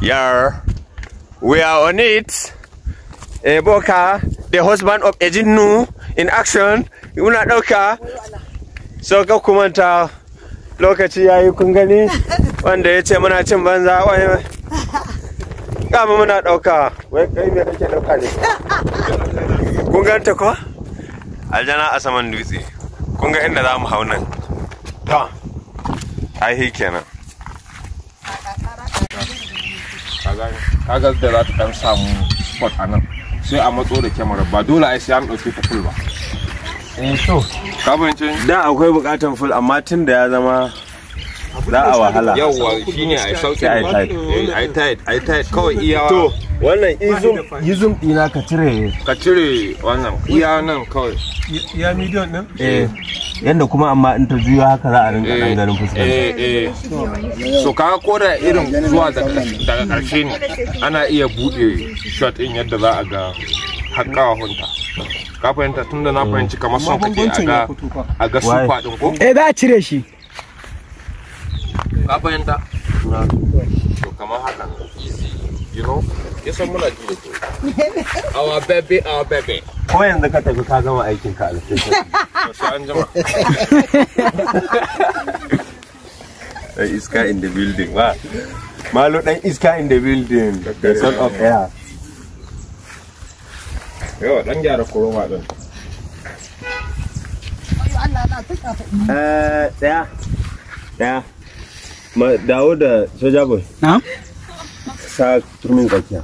Yar we are on it. Eboka, eh, the husband of Ejinu, in action. Una ɗauka. So ka kumanta lokaci ya yi kun gani wanda ya ce muna cin banza wani kama muna ɗauka. Wai kai me kake ɗauka ne? Kun ko? Aljana Asaman saman dutse. Kun ga inda za mu hau nan. I hate kenan. ka kaga da za ta dan samu spot a nan sai a matso da kyamara ba dole ai sai an ɗauke ta full ba eh ka fahimci da akwai bukatan full amma tun da ya zama za a wahala yawwa ne a sauke a yi tight a yi tight kawai iya to wannan izum izum dina ka cire ka cire wannan iya nan kawai iya medium nan. eh yanda kuma amma in ta juya haka za a rinka dan eh, ganin fuskar eh eh so ka kora irin zuwa daga karshe ne ana iya bude shot in yadda za a ga hakkawa hunta ka fahimta tunda na fahimci kamar son kake a ga a ga su fadin ko eh za a cire shi ka fahimta na to kamar haka easy you know ya san muna ji da ke awa bebe awa bebe ko yanzu ka tafi ka gama aikin ka alfisa sai an jama iska in the building ba malo dan iska in the building the son of air yawa dan gyara koroma din Allah na tuka Eh, daya. Daya. ma dawo da eh, soja boy na'am sa turmin gajiya